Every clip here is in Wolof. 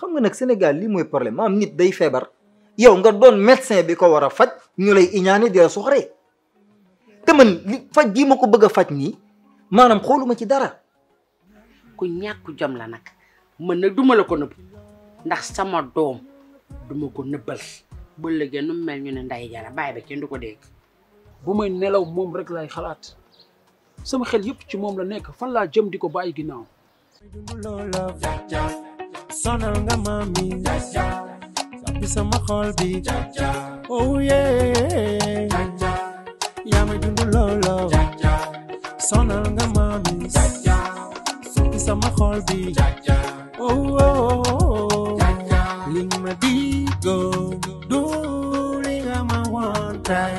xam nga nag Sénégal lii mooy problème maam nit day feebar yow nga doon médecin bi ko war a faj ñu lay iñaane di la soxree te man li faj gii ma ko bëgg a faj nii maanaam xooluma ci dara ku ñàkk jam la nag mën nag duma la ko nëbb ndax sama doom duma ko nëbbal ba léegi nu mel ñu ne nday jara bàyyi ba kenn du ko dégg bu may nelaw moom rek lay xalaat sama xel yëpp ci moom la nekk fan laa jëm di ko bàyyi ginnaaw sonal nga mami sàppi sama xol bi oh yeah yaa ma jundu loolo sonal nga mami sàppi sama xol bi oh oh oh. ma oh, oh. digo du li nga ma wantay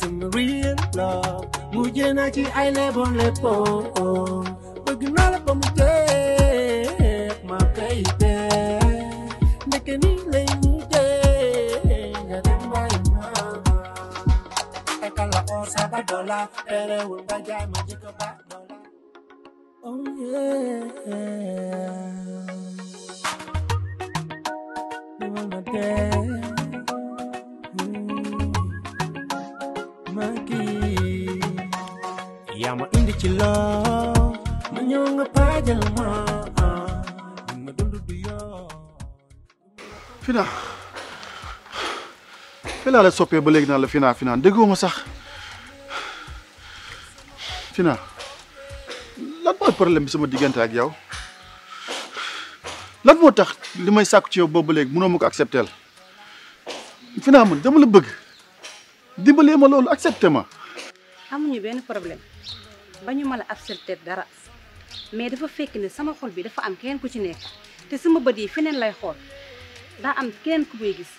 sama real love mujj na ci ay lebon lebon bëgg naa la ba la Pero ungaja magico ba no la Oh yeah You want my day Maki mm. Yama indi chilo Manyonga pajama Fina fina la soppee ba léegi naa la Fina Fina déggoo ma sax Fina lan mooy problème bi sama diggante ak yow lan moo tax li may ci yow boobu léegi mënoo acceptel Fina man dama la bëgg dimbalee ma loolu accepté ma. amuñu benn problème bañu ma la accepté dara mais dafa fekk ni sama xol bi dafa am keneen ku ci nekk te sama bët yi feneen lay xool daa am keneen ku muy gis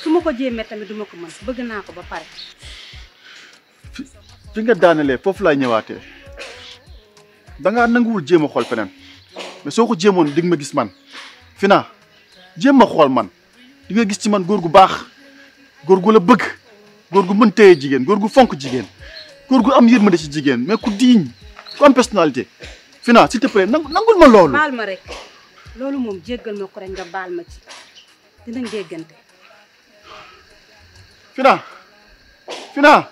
su ma tamit duma ko bëgg ba pare. fi nga daanelee foofu laay ñëwaatee nanguwul jéem a soo ko jéemoon di nga ma gis man Fina jéem ma xool man di nga gis ci man góor gu baax góor gu bëgg góor gu mën téye jigéen góor gu fonk jigéen góor gu am yërmande ci jigéen mais ku diiñ ku am Fina s'il te plaît nangul ma loolu. baal ma rek loolu moom jéggal ma ko rek nga baal ma ci dinañ déggante. Fina Fina.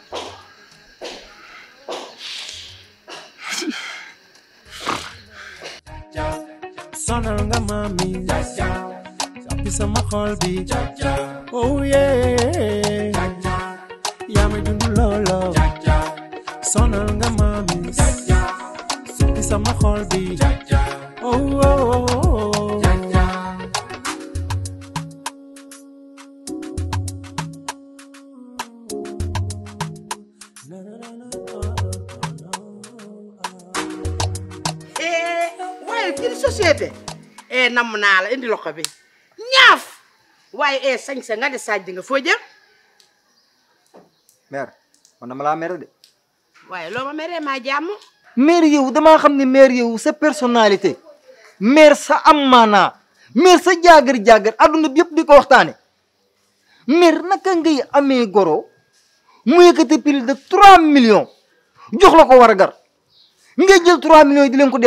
sonal nga mami sàppi sama xol bi oh yeah yaa may dund loolo sonal nga mami sàppi sama xol bi oh oh, oh, oh, oh. nam na la indi loxo bi ñaaf waye e eh, sañ sa nga de saaj di nga fo jëm mer man dama laa mere de waaye loo ma meree Mer yow dama xamni mer yow sa personnalité Mer sa amana mer sa jaagar-jaagar aduna bi yep di waxtane Mer mère naka ngay amé goro mu yëkëti pile de 3 millions jox la ko gar nga jël 3 millions di len ko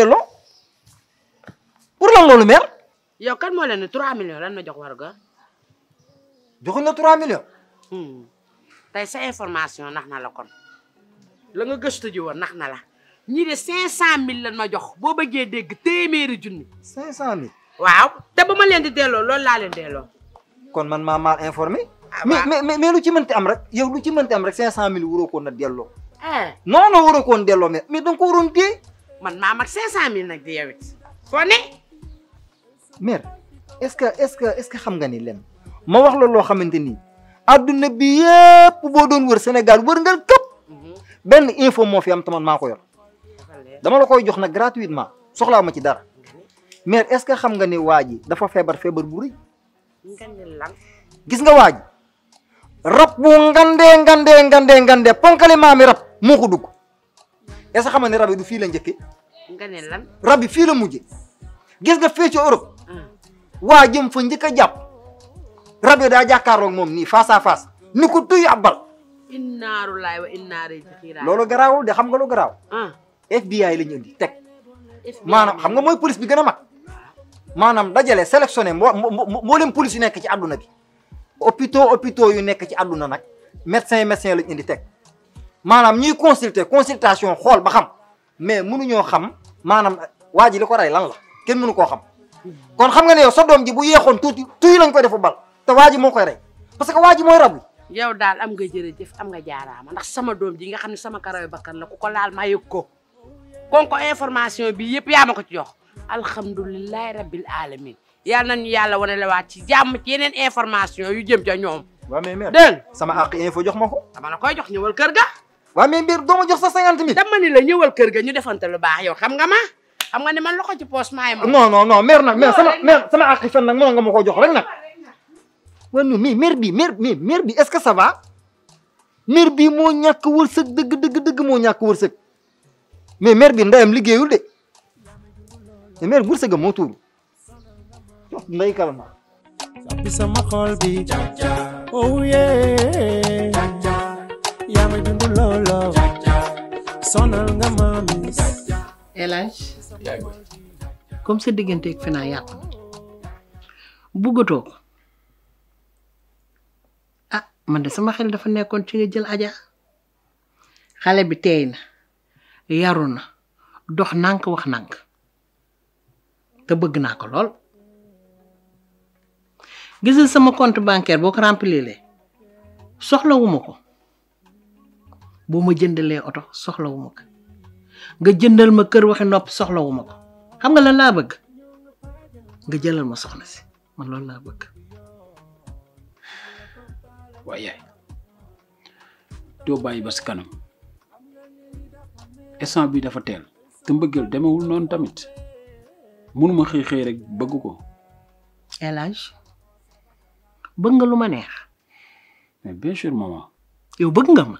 pour lan loolu mer yow kan mo len 3 millions lan ma jox warga. joxuñ la 3 millions. hmm tay sa information nax na la kon la nga geustu ji won nax na la ñi de 500000 lan ma jox bo beugé dégg téméré junni. 500000. waaw té bama len di délo loolu la len délo kon man ma mal informé. Ah, mais mais mais lu ci mënti am rek yow lu ci mënti am rek 500000 wuro ko na delloo. Eh. non non wuro ko na délo mais mais da nga ko waroon téye. man ma mak 500000 nak di yow it foo ne. Mere, est-ce que est-ce que est-ce que xam nga ni lem ma wax la lo xamanteni aduna bi yepp bo doon wër senegal wër ngal kep mhm. ben info mo fi am taman mako yor dama la koy jox nag gratuitement soxla ma ci dara mer est-ce que xam nga ni waji dafa febar febar bu rëy gis nga waji ji rab bu ngande ngande ngandee ngandee ponkali mami rab moko dug est-ce que xam du fi la ngane lan rabbi fi la mujjé gis nga fi ci Europe waa jëm fa njëkk a jàpp rajo daa jàkkaarloog moom nii face à face ni ko tuy ab bal. innaaru laay wa innaaru jixiraa loolu garaaw de xam nga lu garaaw. Ah. FBI la ñu indi teg. maanaam xam nga mooy police bi gën a mag. maanaam dajale sélectionné mbo mboolem police yu nekk ci àdduna bi. hôpitaux hôpitaux yu nekk ci àdduna nag médecin yi médecin lañu indi teg maanaam ñuy consulter consultation xool ba xam mais mënuñoo xam maanaam waa ji li ko rey lan la kenn mënu koo xam. kon xam nga ne yow sa doom ji bu yeexoon tuuti tuuti lañ koy defu bal te waa ji moo koy rey parce que waa ji mooy rab yow daal am nga jërëjëf am nga ma ndax sama doom ji nga xam ne sama karaw bakkan la ku ko laal ma yëg ko kon ko information bi yëpp yaa ma ko ci jox alhamdulilahi rabbil alamin yàlla nañu yàlla wane la waat ci jàmm ci yeneen information yu jëm ca ñoom waa mais mère dégg sama àq info jox ko dama la koy jox ñëwal kër ga waa mais mbir doo ma jox sa cinquante mille dama ni kër ga ñu defante lu baax yow xam nga ma xam nga ne man loxo ci poos maay ma. non non non mer nag mer sama mer sama àq fan nag mënoon nga ma koo jox rek nag. waaw non mais mer bi mer mais mer bi est-ce que ça va. mer bi moo ñàkk wërsëg dëgg dëgg dëgg moo ñàkk wërsëg mais mer bi ndeyam liggéeyul de te mer wërsëgam moo tuuru ndey kalma. sàppi sama xol bi. oh yeah. yaa ma dund looloo. sonal nga maami. Elage comme sa digganteeg Fina yàqu bu buggatoo ko ah man de sama xel dafa nekkoon ci nga jël aja xale bi teey na yaru na dox nànk wax nànk te bëgg naa ko lool gisal sama contre bancaire boo ko remplir soxlawuma ko boo ma jëndalee oto soxlawuma ko nga jëndal ma kër waxi nopp soxlawu ma ko xam nga lan naa bëgg nga jëlal ma soxna si man loolu laa bëgg waaye yaay doo bàyyi ba si kanam instant bi dafa teel te mbëggeel demewul noonu tamit mënuma xëy xëy rek bëgg ko El Hadj bëgg nga lu ma neex mais bien sûr maman yow bëgg nga ma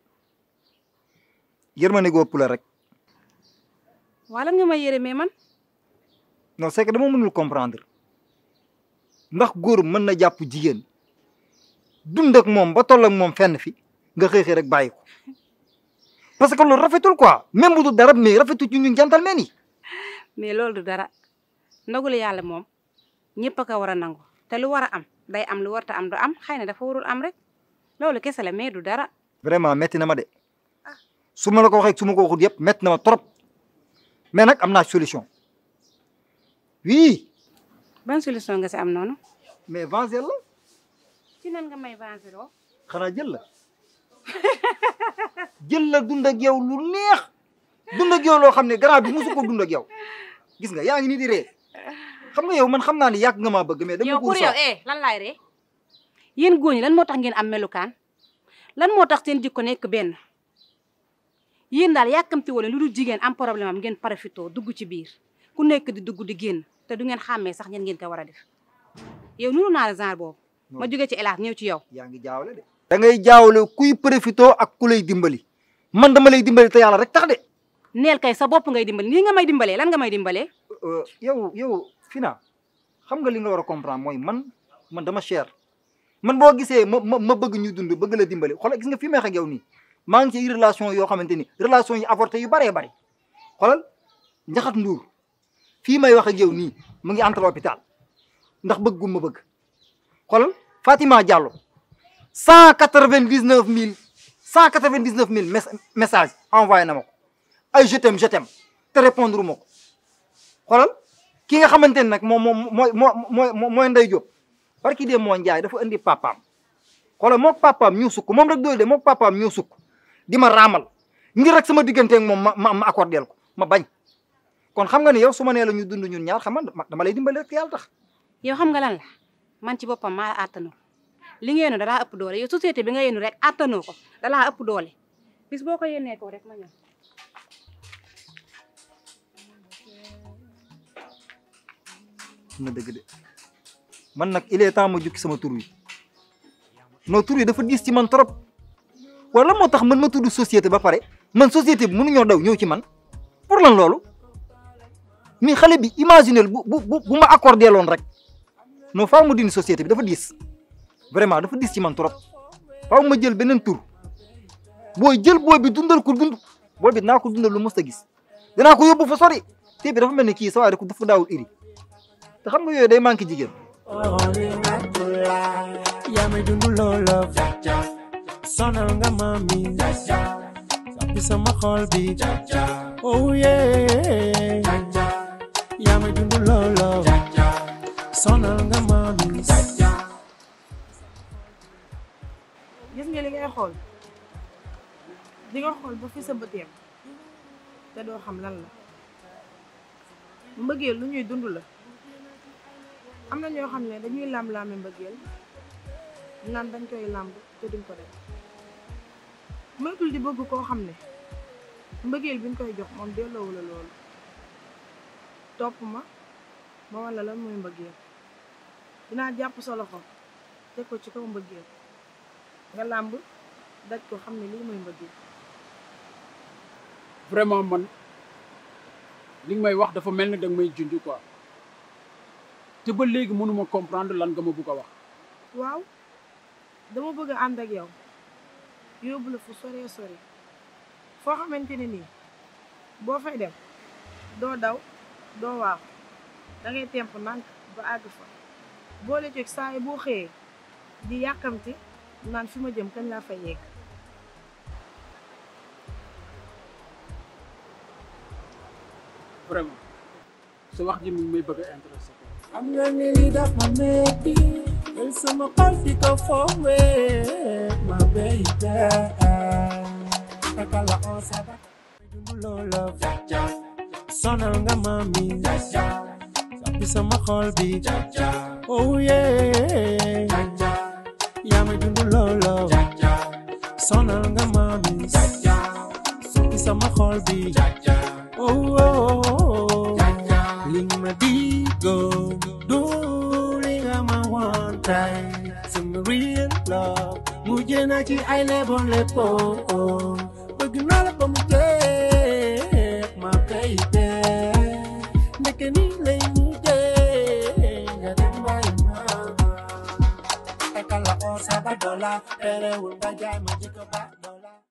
yërmande gu ëpp la rek. waa lan nga ma yërëmee man. non c'est que dama mënul comprendre ndax góor mën na jàpp jigéen dund ak moom ba toll ak moom fenn fi nga xëy rek bàyyi ko parce que loolu rafetul quoi même bu dara mais rafetul ci ñun gentleman yi. mais loolu du dara ndagul yàlla moom ñëpp a ko war a nangu te lu war a am day am lu warta am du am xëy ne dafa warul am rek loolu kese la mais du dara. vraiment metti na ma de. su ma la ko waxee su ma ko waxut yëpp métti na ma trop mais nag am naa solution oui. ban solution nga si am noonu. mais venger la. si nan nga may venger loo. xanaa jël la jël la dund ak yow lu neex dund ak yow loo xam ne garab bi musu ko dund gis nga yaa ngi nii di ree xam nga yow man xam naa ne yàgg nga maa bëgg mais. dama ko yow pour yow eh lan laay ree yéen góoñ lan moo tax ngeen am melukaan lan moo tax teen jikko nekk benn. yéen daal yàkkamti wala lu dul jigéen am problème am ngeen profité dugg ci biir ku nekk di dugg di génn te du ngeen xàmmee sax ñen ngeen ko war a def yow nuru naa la genre boobu ma jóge ci elaat ñëw ci yow yaa ngi jaawale da ngay jaawale kuy profité ak ku lay dimbali man dama lay dimbali te yàlla rek tax de neel kay sa bopp ngay dimbali nii nga may dimbalee lan nga may dimbalee euh, euh, yow yow Fina xam nga li nga war a comprendre mooy man man dama cher man boo gisee ma ma ma bëgg ñu dund bëgg la dimbali xoolal gis nga fi may wax ak yow nii maa ngi ci relation yoo xamante ni relation yi avorté yu bare bëri xoolal njaxat nduur fii may wax ak yow mu ngi entre hôpital ndax bëggu ma bëgg xoolal Fatima Diallo cent quatre vingt dix neuf mille cent quatre vingt dix neuf mille message envoyé na ma ko ay je t'aime te répondre ma ko xoolal ki nga xamante ne nag moom moom mooy mooy mo Ndey Jóob barki dee moo njaay dafa indi papaam xoolal mook papaam ñu sukk moom rek doolu de mook papaam ñu sukk di ma ramal, ngir rek sama digganteeg moom ma ma ma accordeel ko ma bañ kon xam nga ni yow su ma la ñu dund ñun ñaar xam nga dama lay dimbali rek yalla tax. yow xam nga lan la man ci bopam ma la li nga dara ëpp doole yow société bi nga yéenu rek atanu ko dalaa ëpp doole bis boko ko ko rek ma ñu na deug de man nak il est temps ma jukki sama tour wi no tour wi dafa dis ci man trop waaye lan moo tax man ma société ba pare man société bi mënuñoo daw ñëw ci man pour lan loolu mais xale bi imaginer bu bu bu ma accordé loon rek non faaw ma dindi société bi dafa dis vraiment dafa diis ci man trop faaw ma jël beneen tur booy jël booy bi dundal ko dund booy bi dinaa dundal lu mos gis dinaa ko yóbbu fa sori bi dafa dafa iri te xam nga yooyu day sonal nga mami sàppi sama oh, yaa ma dund loolo sonal nga mami gis nga li ngay xool di nga xool ba fi sa bët te doo xam lan la mbëggeel lu ñuy dund la am na ñoo xam ne dañuy lam-laame mbëggeel naan dañ koy làmb te duñ ko def moytul di bëgg koo xam ne mbëggeel bi nga koy jox moom delloowu la loolu topp ma ma wan la lan mooy mbëggeel dinaa jàpp sa loxo teg ko ci kaw mbëggeel nga làmb daj ko xam ne lii mooy mbëggeel vraiment man li nga may wax dafa mel ni danga may junj quoi te ba léegi mënuma comprendre lan nga ma bëgg a wax waaw dama bëgg a ànd ak yow yóbbu la fu soree sori foo xamante ne nii boo fay dem doo daw doo waaw da ngay temp nànk ba àgg fa boole jóg saa boo xëyee di yàkkamti naan fi ma jëm kañ laa fay yegg vraiment su wax ji mi ngi bëgg intéressé am na ni li daf ma metti jël sama xol di ko foowee ma béy daa takala on saba dund loola sonal nga mami bi sama xol bi oh yeah yaa ma dund loola sonal nga mami bi sama xol bi oh Energy ki never lebon oh.